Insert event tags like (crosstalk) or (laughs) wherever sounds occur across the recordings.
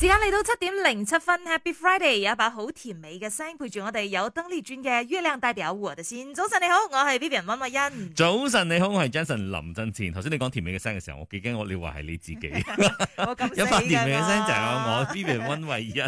時間嚟到七點零七分，Happy Friday，有一把好甜美嘅聲陪住我哋有鄧麗君嘅月亮代表我的心。早晨你好，我係 Vivian 溫慧欣。早晨你好，我係 Jason 林振前。頭先你講甜美嘅聲嘅時候，我幾驚我你話係你自己， (laughs) 啊、有把甜美嘅聲就係我， (laughs) 我 Vivian 溫慧欣。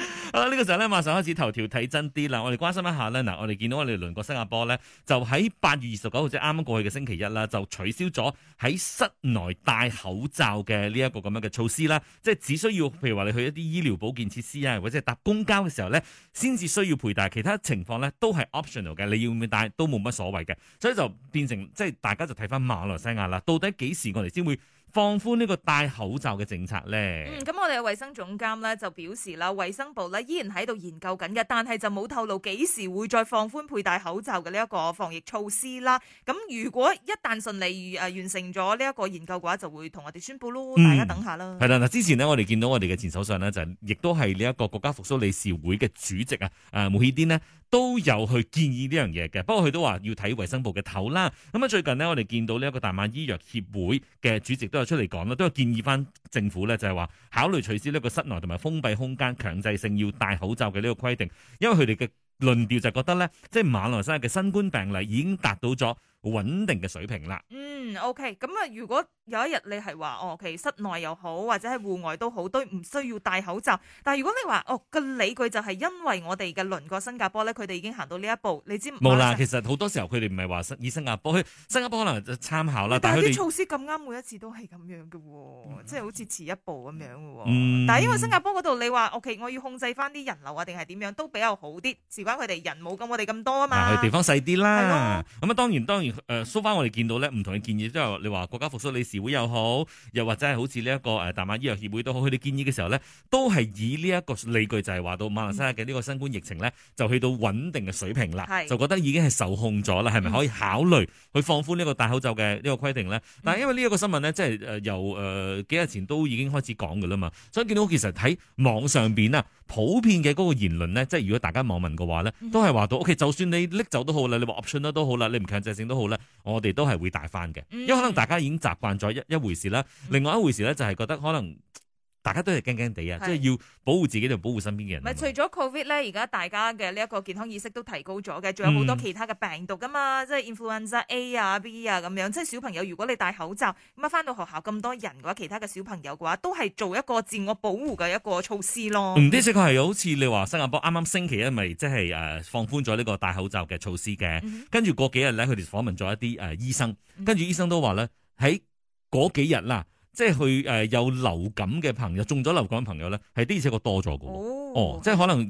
(laughs) (laughs) 好啦，呢、這個時候咧，馬上開始頭條睇真啲啦。我哋關心一下咧，嗱，我哋見到我哋鄰國新加坡咧，就喺八月二十九號，即啱啱過去嘅星期一啦，就取消咗喺室內戴口罩嘅呢一個咁樣嘅措施啦，即係只需要。譬如話你去一啲醫療保健設施啊，或者係搭公交嘅時候咧，先至需要佩戴。其他情況咧都係 optional 嘅，你要唔要帶都冇乜所謂嘅。所以就變成即係大家就睇翻馬來西亞啦，到底幾時我哋先會放寬呢個戴口罩嘅政策咧？嗯，咁我哋嘅衛生總監咧就表示啦，衛生部咧依然喺度研究緊嘅，但係就冇透露幾時會再放寬佩戴口罩嘅呢一個防疫措施啦。咁如果一旦順利誒完成咗呢一個研究嘅話，就會同我哋宣布咯，嗯、大家等下啦。係啦、嗯，嗱，之前呢，我哋見到我哋嘅前首相呢，就亦都係呢一個國家復蘇理事會嘅主席啊，誒，穆希丁呢都有去建議呢樣嘢嘅，不過佢都話要睇衛生部嘅頭啦。咁啊，最近呢，我哋見到呢一個大馬醫藥協會嘅主席都出嚟講啦，都係建議翻政府咧，就係話考慮取消呢個室內同埋封閉空間強制性要戴口罩嘅呢個規定，因為佢哋嘅論調就覺得咧，即係馬來西亞嘅新冠病例已經達到咗穩定嘅水平啦。OK，咁啊，嗯、okay, 如果有一日你係話哦，其實、okay, 室內又好或者係戶外都好，都唔需要戴口罩。但係如果你話哦、那個理據就係因為我哋嘅鄰國新加坡咧，佢哋已經行到呢一步，你知冇啦？了就是、其實好多時候佢哋唔係話以新加坡，去，新加坡可能參考啦。但係啲措施咁啱，每一次都係咁樣嘅、哦，即係、嗯、好似遲一步咁樣嘅、哦。嗯，但係因為新加坡嗰度你話 OK，我要控制翻啲人流啊，定係點樣都比較好啲，事關佢哋人冇咁我哋咁多啊嘛。啊地方細啲啦，咁啊當然當然，誒，蘇、呃、翻我哋見到咧唔同嘅建。亦都係你話國家復甦理事會又好，又或者係好似呢一個誒大馬醫藥協會都好，佢哋建議嘅時候咧，都係以呢一個理據，就係話到馬來西亞嘅呢個新冠疫情咧，就去到穩定嘅水平啦，是就覺得已經係受控咗啦，係咪可以考慮去放寬呢個戴口罩嘅呢個規定咧？但係因為呢一個新聞咧，即係誒由誒、呃、幾日前都已經開始講㗎啦嘛，所以見到其實喺網上邊啊。普遍嘅嗰個言論咧，即係如果大家網民嘅話咧，mm hmm. 都係話到，OK，就算你拎走都好啦，你話 option 都好啦，你唔強制性都好啦，我哋都係會大翻嘅，mm hmm. 因為可能大家已經習慣咗一一回事啦。另外一回事咧，就係覺得可能。大家都係驚驚地啊，是即係要保護自己同保護身邊嘅人。係，除咗 Covid 咧，而家大家嘅呢一個健康意識都提高咗嘅，仲有好多其他嘅病毒噶嘛。嗯、即係 Influenza A 啊、B 啊咁樣。即係小朋友，如果你戴口罩，咁啊翻到學校咁多人嘅話，其他嘅小朋友嘅話，都係做一個自我保護嘅一個措施咯。唔啲、嗯，即係係好似你話新加坡啱啱星期一咪即係誒放寬咗呢個戴口罩嘅措施嘅，跟住過幾日咧，佢哋訪問咗一啲誒、呃、醫生，跟住醫生都話咧喺嗰幾日啦。即係去誒，有流感嘅朋友，中咗流感嘅朋友咧，係啲而且確多咗噶。哦，即係可能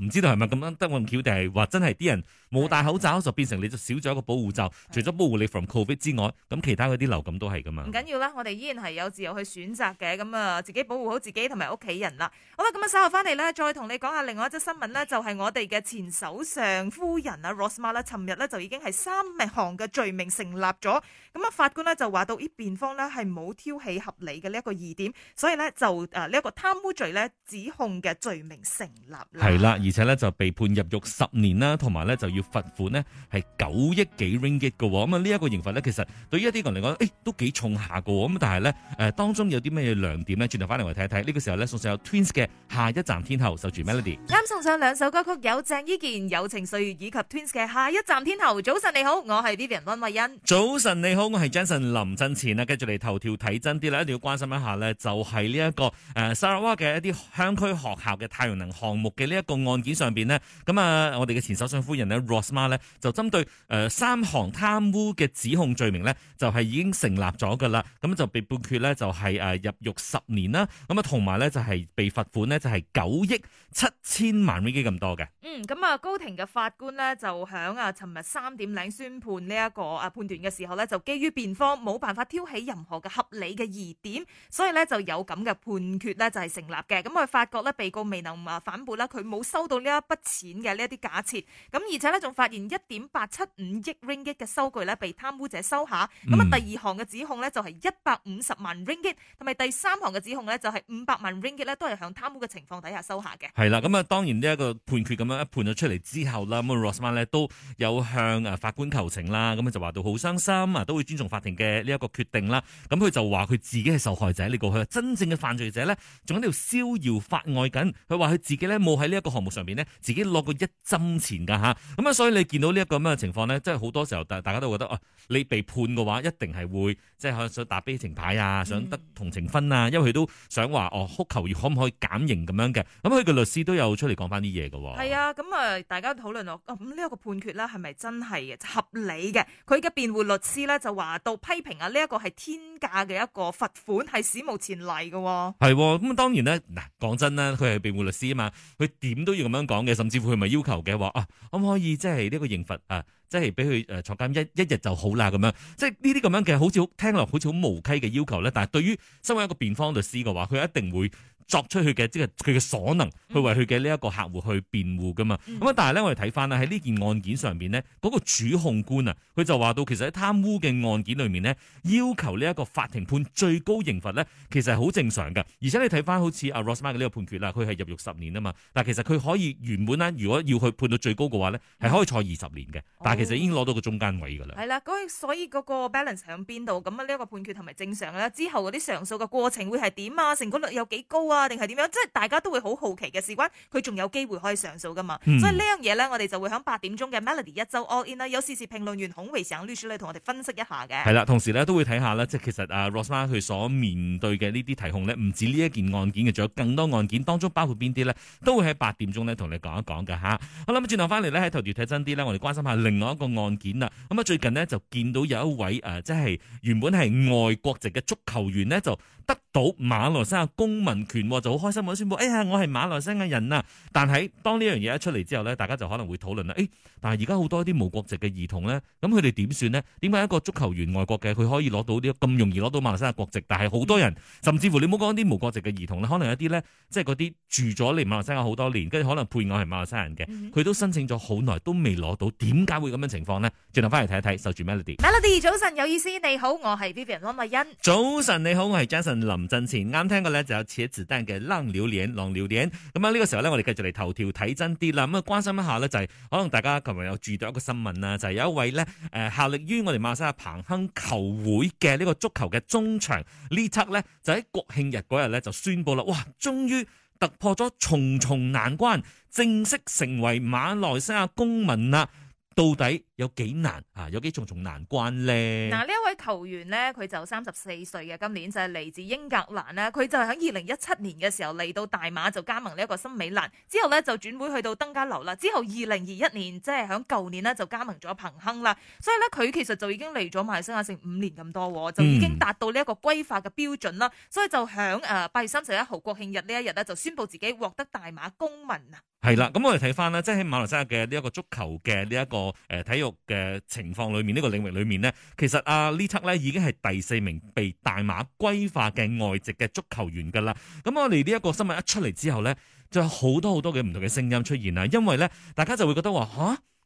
唔知道係咪咁樣得咁巧，定係話真係啲人冇戴口罩就變成你就少咗一個保護罩，對對對，除咗保護你 from COVID 之外，咁其他嗰啲流感都係咁樣，唔緊要啦，我哋依然係有自由去選擇嘅，咁啊自己保護好自己同埋屋企人啦。好啦，咁啊稍後翻嚟咧，再同你講下另外一則新聞呢就係、是、我哋嘅前首相夫人啊 Rosmah 尋日呢就已經係三項嘅罪名成立咗。咁啊法官呢就話到呢辯方呢係冇挑起合理嘅呢一個疑點，所以呢，就誒呢一個貪污罪呢指控嘅罪名。成立係啦，而且呢就被判入獄十年啦，同埋呢就要罰款呢，係九億幾 ringgit 噶。咁啊呢一個刑罰呢，其實對於一啲人嚟講，誒都幾重下噶。咁但係呢，誒當中有啲咩嘢亮點呢？轉頭翻嚟我睇一睇。呢個時候呢，送上有 Twins 嘅下一站天后，守住 Melody。啱送上兩首歌曲，有鄭伊健《友情歲月》以及 Twins 嘅下一站天后。早晨你好，我係 Vivian 溫慧欣。早晨你好，我係 Jason 林振前，呢，跟住嚟頭條睇真啲啦，一定要關心一下呢，就係呢一個誒 Sarawak 嘅一啲鄉區學校嘅項目嘅呢一個案件上邊呢，咁啊，我哋嘅前首相夫人呢 Rosma 呢，就針對誒三項貪污嘅指控罪名呢，就係已經成立咗噶啦，咁就被判決呢，就係誒入獄十年啦，咁啊同埋呢，就係被罰款呢，就係九億七千萬令吉咁多嘅。嗯，咁啊，高庭嘅法官呢，就響啊，尋日三點零宣判呢一個啊判斷嘅時候呢，就基於辯方冇辦法挑起任何嘅合理嘅疑點，所以呢，就有咁嘅判決呢，就係成立嘅。咁佢發覺呢，被告未能。同埋反駁啦，佢冇收到呢一筆錢嘅呢一啲假設，咁而且呢，仲發現一點八七五億 ringgit 嘅收據呢，被貪污者收下，咁啊、嗯、第二行嘅指控呢，就係一百五十萬 ringgit，同埋第三行嘅指控呢，就係五百萬 ringgit 咧都係向貪污嘅情況底下收下嘅。係啦，咁啊當然呢一個判決咁樣一判咗出嚟之後啦，咁啊 Rosman 咧都有向啊法官求情啦，咁啊就話到好傷心啊，都會尊重法庭嘅呢一個決定啦。咁佢就話佢自己係受害者呢個，佢真正嘅犯罪者呢，仲喺度逍遙法外緊，佢話。佢自己咧冇喺呢一個項目上邊呢，自己落過一針錢噶吓，咁啊，所以你見到呢一個咁嘅情況呢，即係好多時候大大家都覺得啊，你被判嘅話，一定係會即係想打悲情牌啊，想得同情分啊，嗯、因為佢都想話哦，哭求可唔可以減刑咁樣嘅。咁佢個律師都有出嚟講翻啲嘢嘅。係啊，咁、嗯、啊，大家討論咯，咁呢一個判決呢，係咪真係合理嘅？佢嘅辯護律師呢，就話到批評啊，呢一個係天價嘅一個罰款係史無前例嘅。係咁啊、嗯，當然呢，嗱，講真咧，佢係辯護律師。啊嘛，佢點都要咁樣講嘅，甚至乎佢咪要求嘅話啊，可唔可以即係呢個刑罰啊，即係俾佢誒坐監一一日就好啦咁樣，即係呢啲咁樣嘅好似聽落好似好無稽嘅要求咧，但係對於身為一個辯方律師嘅話，佢一定會。作出佢嘅即係佢嘅所能，去為佢嘅呢一個客戶去辯護噶嘛？咁啊、嗯，但係咧，我哋睇翻咧喺呢件案件上邊咧，嗰個主控官啊，佢就話到其實喺貪污嘅案件裡面咧，要求呢一個法庭判最高刑罰咧，其實係好正常嘅。而且你睇翻好似阿 Rosman 嘅呢個判決啦，佢係入獄十年啊嘛。但其實佢可以原本咧，如果要去判到最高嘅話咧，係、嗯、可以坐二十年嘅。但係其實已經攞到個中間位噶啦。係啦、哦，咁所以嗰個 balance 喺邊度？咁啊，呢一個判決同埋正常啦。之後啲上訴嘅過程會係點啊？成功率有幾高啊？定係點樣？即係大家都會好好奇嘅，事關佢仲有機會可以上訴噶嘛？嗯、所以這樣呢樣嘢咧，我哋就會響八點鐘嘅 Melody 一周 All In 啦。有時事評論員孔維成啊，同我哋分析一下嘅。係啦，同時咧都會睇下咧，即係其實啊，Rosman 佢所面對嘅呢啲提控咧，唔止呢一件案件嘅，仲有更多案件，當中包括邊啲咧，都會喺八點鐘咧同你講一講嘅吓。好啦，咁轉頭翻嚟咧喺頭條睇真啲咧，我哋關心下另外一個案件啦。咁啊，最近呢，就見到有一位誒，即係原本係外國籍嘅足球員呢，就。得到馬來西亞公民權就好開心，我宣布，哎呀，我係馬來西亞人啊！但係當呢樣嘢一出嚟之後咧，大家就可能會討論啦。誒、哎，但係而家好多啲無國籍嘅兒童咧，咁佢哋點算呢？點解一個足球員外國嘅佢可以攞到啲咁容易攞到馬來西亞國籍，但係好多人，甚至乎你冇講啲無國籍嘅兒童可能一啲咧，即係嗰啲住咗嚟馬來西亞好多年，跟住可能配偶係馬來西亞人嘅，佢都申請咗好耐都未攞到，點解會咁樣嘅情況呢？轉頭翻嚟睇一睇，受住 Melody。Melody，早晨有意思，你好，我係 Vivian 羅蜜恩。早晨你好，我係 Jason。林振前啱聽過咧就有寫子彈嘅冷了臉冷了臉，咁啊呢個時候咧我哋繼續嚟頭條睇真啲啦，咁啊關心一下咧就係、是、可能大家琴日有注意到一個新聞啦，就係、是、有一位呢，誒效力於我哋馬來西亞彭亨球會嘅呢個足球嘅中場呢側呢，就喺國慶日嗰日咧就宣布啦，哇終於突破咗重重難關，正式成為馬來西亞公民啦，到底？有幾難啊！有幾重重難關咧？嗱，呢一位球員呢，佢就三十四歲嘅，今年就係嚟自英格蘭啦。佢就喺二零一七年嘅時候嚟到大馬就加盟呢一個森美蘭，之後呢，就轉會去到登嘉樓啦。之後二零二一年即係響舊年呢，就加盟咗彭亨啦。所以呢，佢其實就已經嚟咗馬來西亞成五年咁多，就已經達到呢一個歸化嘅標準啦。嗯、所以就響誒八月三十一號國慶日呢一日呢，就宣布自己獲得大馬公民啊！係啦，咁我哋睇翻呢，即係喺馬來西亞嘅呢一個足球嘅呢一個誒體育。嘅情況裏面，呢個領域裏面呢，其實阿呢測咧已經係第四名被大馬歸化嘅外籍嘅足球員噶啦。咁我哋呢一個新聞一出嚟之後呢，就有好多好多嘅唔同嘅聲音出現啦。因為呢，大家就會覺得話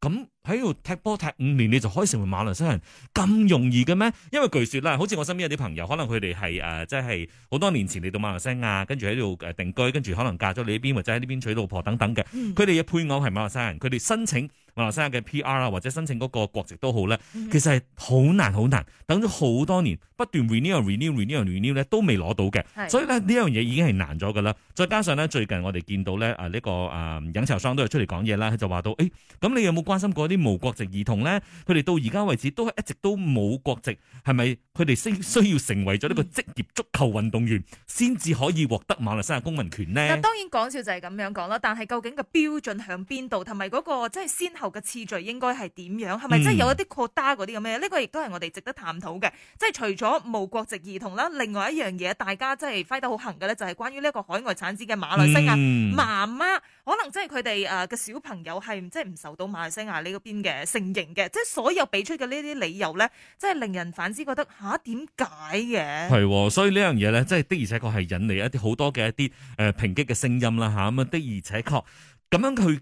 吓，咁喺度踢波踢五年你就可以成為馬來西亞人咁容易嘅咩？因為據說啦，好似我身邊有啲朋友，可能佢哋係誒，即係好多年前嚟到馬來西亞，跟住喺度定居，跟住可能嫁咗你呢邊，或者喺呢邊娶老婆等等嘅，佢哋嘅配偶係馬來西亞人，佢哋申請。馬來西亞嘅 PR 啦，或者申請嗰個國籍都好咧，其實係好難好難，等咗好多年，不斷 renew, renew, renew, renew、renew 的、renew、renew 咧都未攞到嘅。所以咧呢樣嘢已經係難咗噶啦。再加上咧最近我哋見到咧啊呢、這個啊引球商都有出嚟講嘢啦，就話到誒咁、欸、你有冇關心過啲無國籍兒童咧？佢哋到而家為止都係一直都冇國籍，係咪佢哋需需要成為咗呢個職業足球運動員先至可以獲得馬來西亞公民權咧？當然講笑就係咁樣講啦，但係究竟個標準喺邊度，同埋嗰個即係先嘅次序應該係點樣？係咪真係有一啲擴大嗰啲咁咩？呢、嗯、個亦都係我哋值得探討嘅。即係除咗無國籍兒童啦，另外一樣嘢大家真係揮得好行嘅咧，就係、是、關於呢一個海外產子嘅馬來西亞媽媽，嗯、可能即係佢哋誒嘅小朋友係即係唔受到馬來西亞呢嗰邊嘅承認嘅。即係所有俾出嘅呢啲理由咧，即係令人反思覺得吓點解嘅？係、啊、喎，所以呢樣嘢咧，即係的而且確係引嚟一啲好多嘅一啲誒抨擊嘅聲音啦吓咁啊的而且確咁樣去。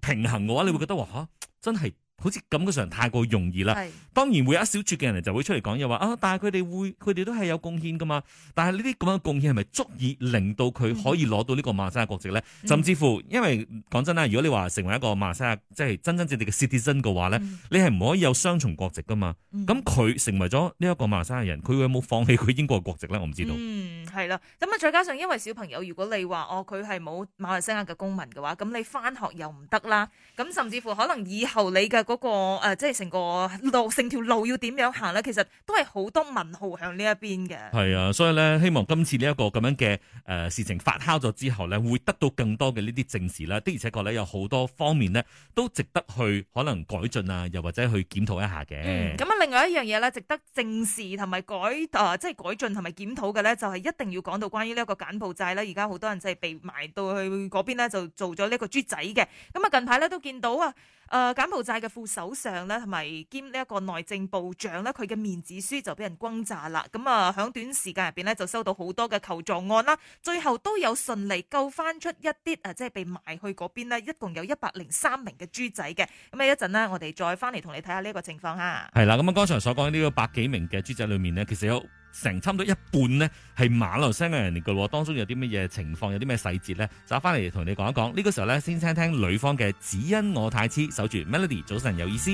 平衡嘅話，你會覺得話吓，真係。好似感覺上太過容易啦。是當然會有一小撮嘅人就會出嚟講又話啊，但係佢哋會佢哋都係有貢獻噶嘛。但係呢啲咁嘅貢獻係咪足以令到佢可以攞到呢個馬來西亞國籍咧？嗯、甚至乎，因為講真啦，如果你話成為一個馬來西亞即係真真正正嘅 citizen 嘅話咧，嗯、你係唔可以有雙重國籍噶嘛？咁佢、嗯、成為咗呢一個馬來西亞人，佢會有冇放棄佢英國嘅國籍咧？我唔知道。嗯，係啦。咁啊，再加上因為小朋友，如果你話哦佢係冇馬來西亞嘅公民嘅話，咁你翻學又唔得啦。咁甚至乎可能以後你嘅嗰、那個即係成個路，成條路要點樣行咧？其實都係好多問號向呢一邊嘅。係啊，所以咧，希望今次呢一個咁樣嘅誒、呃、事情發酵咗之後咧，會得到更多嘅呢啲正視啦。的而且確咧，有好多方面呢，都值得去可能改進啊，又或者去檢討一下嘅。咁啊、嗯，另外一樣嘢咧，值得正視同埋改啊，即、呃、係、就是、改進同埋檢討嘅咧，就係、是、一定要講到關於呢一個柬埔寨咧，而家好多人即係被賣到去嗰邊咧，就做咗呢個豬仔嘅。咁啊，近排咧都見到啊，誒、呃、柬埔寨嘅。副首相咧，同埋兼呢一個內政部長咧，佢嘅面子書就俾人轟炸啦。咁啊，響短時間入邊呢，就收到好多嘅求助案啦。最後都有順利救翻出一啲啊，即係被賣去嗰邊呢，一共有一百零三名嘅豬仔嘅。咁啊，一陣呢，我哋再翻嚟同你睇下呢一個情況吓。係啦，咁啊，剛才所講呢個百幾名嘅豬仔裏面呢，其實有。成差唔多一半呢，係馬來西亞人嚟嘅喎。當中有啲乜嘢情況？有啲咩細節呢？找翻嚟同你講一講。呢個時候呢，先聽聽女方嘅。只因我太痴，守住 melody，早晨有意思。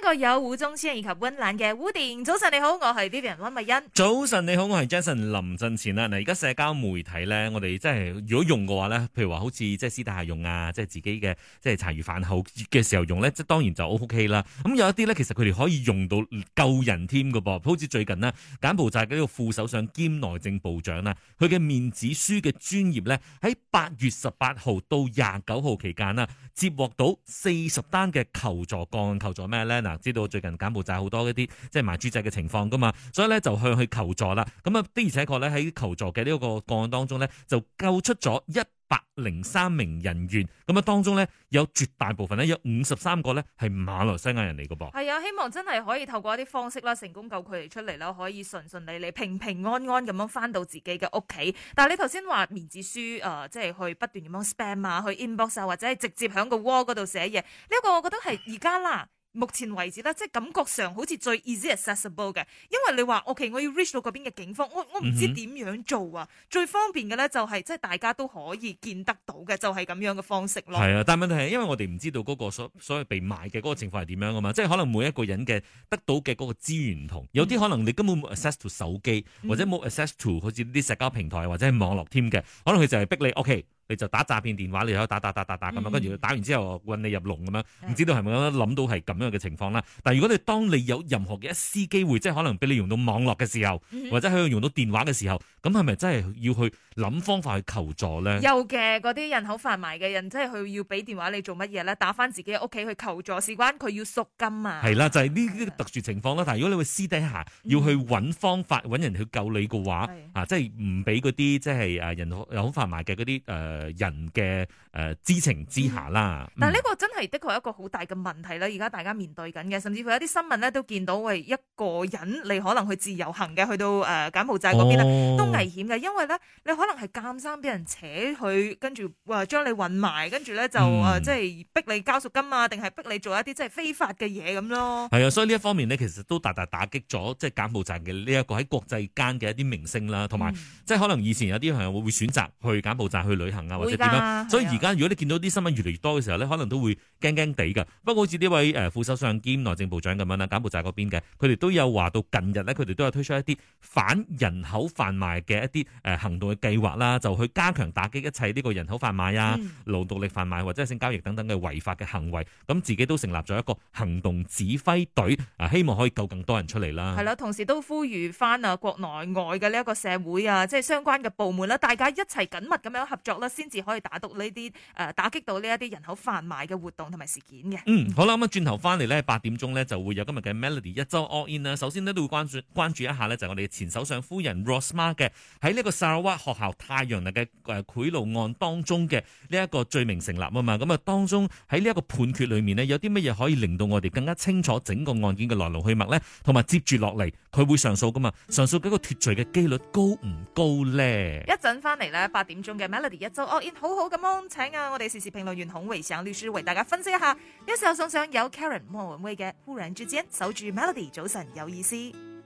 個有胡宗先以及溫暖嘅胡定。早晨你好，我係 Vivian 溫慧欣。早晨你好，我係 Jason 林振前啦。嗱，而家社交媒體咧，我哋即係如果用嘅話咧，譬如話好似即係私底下用啊，即係自己嘅即係茶餘飯後嘅時候用咧，即係當然就 O K 啦。咁有一啲咧，其實佢哋可以用到救人添噶噃。好似最近呢，柬埔寨嘅一個副首相兼內政部長啦，佢嘅面子書嘅專業咧，喺八月十八號到廿九號期間啦，接獲到四十單嘅求助個求助咩咧知道最近柬埔寨好多一啲即係賣豬仔嘅情況噶嘛，所以咧就向佢求助啦。咁啊的而且確咧，喺求助嘅呢一個個案當中咧，就救出咗一百零三名人員。咁啊當中咧，有絕大部分咧，有五十三個咧係馬來西亞人嚟噶噃。係啊，希望真係可以透過一啲方式啦，成功救佢哋出嚟啦，可以順順利利、平平安安咁樣返到自己嘅屋企。但係你頭先話面子書誒，即、呃、係、就是、去不斷咁樣 spam 啊，去 inbox，啊、或者係直接響個 wall 嗰度寫嘢。呢，這個我覺得係而家啦。目前為止咧，即係感覺上好似最 easy accessible 嘅，因為你話，O K，我要 reach 到嗰邊嘅警方，我我唔知點樣做啊，嗯、哼最方便嘅咧就係、是，即係大家都可以見得到嘅，就係、是、咁樣嘅方式咯。係啊，但係問題係，因為我哋唔知道嗰個所所謂被賣嘅嗰個情況係點樣噶嘛，即係可能每一個人嘅得到嘅嗰個資源唔同，有啲可能你根本冇 access to 手機，嗯、或者冇 access to 好似啲社交平台或者係網絡添嘅，可能佢就係逼你 O K。OK, 你就打詐騙電話，你喺打打打打打咁啊！跟住打完之後揾你入籠咁樣，唔知道係咪咁樣諗到係咁樣嘅情況啦？但係如果你當你有任何嘅一絲機會，即係可能俾你用到網絡嘅時候，或者佢用到電話嘅時候，咁係咪真係要去諗方法去求助咧？有嘅，嗰啲人口販賣嘅人，即係佢要俾電話你做乜嘢咧？打翻自己屋企去求助，事關佢要贖金啊！係啦，就係呢啲特殊情況啦。但係如果你會私底下要去揾方法揾人去救你嘅話，是的啊，即係唔俾嗰啲即係誒人口人口販賣嘅嗰啲誒。呃人嘅誒知情之下啦，嗯、但係呢個真係的確一個好大嘅問題啦。而家大家面對緊嘅，甚至乎有啲新聞咧都見到，喂，一個人你可能去自由行嘅，去到誒柬埔寨嗰邊咧，哦、都危險嘅，因為咧你可能係監生俾人扯去，跟住話將你運埋，跟住咧就誒即係逼你交贖金啊，定係，嗯、逼你做一啲即係非法嘅嘢咁咯。係啊，所以呢一方面咧，其實都大大打擊咗即係柬埔寨嘅呢一個喺國際間嘅一啲名聲啦，同埋，嗯、即係可能以前有啲朋友會選擇去柬埔寨去旅行。或者點樣？啊、所以而家如果你見到啲新聞越嚟越多嘅時候咧，可能都會驚驚地㗎。不過好似呢位誒副首相兼內政部長咁樣啦，柬埔寨嗰邊嘅，佢哋都有話到近日咧，佢哋都有推出一啲反人口販賣嘅一啲誒行動嘅計劃啦，就去加強打擊一切呢個人口販賣啊、勞動力販賣或者性交易等等嘅違法嘅行為。咁自己都成立咗一個行動指揮隊啊，希望可以救更多人出嚟啦。係啦，同時都呼籲返啊國內外嘅呢一個社會啊，即係相關嘅部門啦，大家一齊緊密咁樣合作啦。先至可以打，這些、呃、打到呢啲誒打擊到呢一啲人口販賣嘅活動同埋事件嘅、嗯。嗯，好啦，咁啊轉頭翻嚟咧，八點鐘咧就會有今日嘅 Melody 一周。All In 啦首先咧都會關注關注一下咧，就係我哋嘅前首相夫人 Rosmah 嘅喺呢個砂拉越學校太陽能嘅賄賂案當中嘅呢一個罪名成立啊嘛。咁、嗯、啊、嗯，當中喺呢一個判決裏面咧，有啲乜嘢可以令到我哋更加清楚整個案件嘅來龍去脈咧？同埋接住落嚟，佢會上訴噶嘛？上訴嗰個脫罪嘅幾率高唔高咧？一陣翻嚟咧，八點鐘嘅 Melody 一週。哦，演好好咁哦，請啊，我哋時時評論員孔維祥律師為大家分析一下。呢、這個、時候送上有 Karen 莫文蔚嘅《忽然之間》，守住 Melody，早晨有意思。